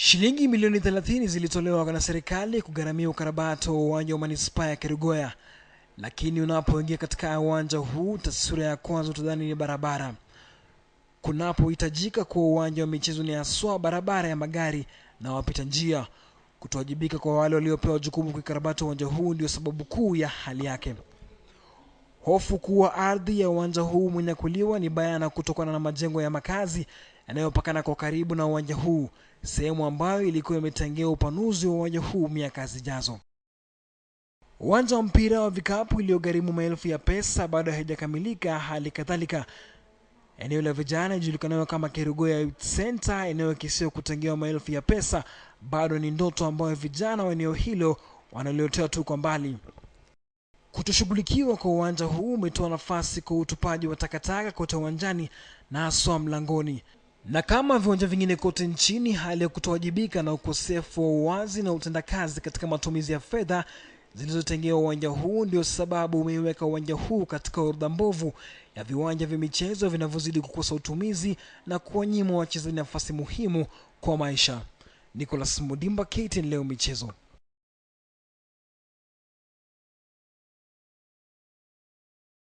Shilingi milioni 30 zilitolewa na serikali kugharamia ukarabati wa uwanja wa manispaa ya Kerugoya, lakini unapoingia katika uwanja huu, taswira ya kwanza utadhani ni barabara. Kunapohitajika kuwa uwanja wa michezo ni haswa barabara ya magari na wapita njia. Kutowajibika kwa wale waliopewa jukumu kuikarabati uwanja huu ndio sababu kuu ya hali yake. Hofu kuwa ardhi ya uwanja huu mwenyakuliwa ni bayana kutokana na majengo ya makazi yanayopakana kwa karibu na uwanja huu, sehemu ambayo ilikuwa imetengewa upanuzi wa uwanja huu miaka zijazo. Uwanja wa mpira wa vikapu iliyogharimu maelfu ya pesa bado haijakamilika. Hali kadhalika eneo la vijana ijulikanayo kama Kerugoya Youth Center, eneo kisio kutengewa maelfu ya pesa, bado ni ndoto ambayo vijana wa eneo hilo wanaliotea tu kwa mbali. Kutoshughulikiwa kwa uwanja huu umetoa nafasi kwa utupaji wa takataka kote uwanjani na haswa mlangoni. Na kama viwanja vingine kote nchini, hali ya kutowajibika na ukosefu wa uwazi na utendakazi katika matumizi ya fedha zilizotengewa uwanja huu ndio sababu umeiweka uwanja huu katika orodha mbovu ya viwanja vya michezo vinavyozidi kukosa utumizi na kuwanyima wachezaji nafasi muhimu kwa maisha. Nicholas Mudimba, KTN Leo Michezo.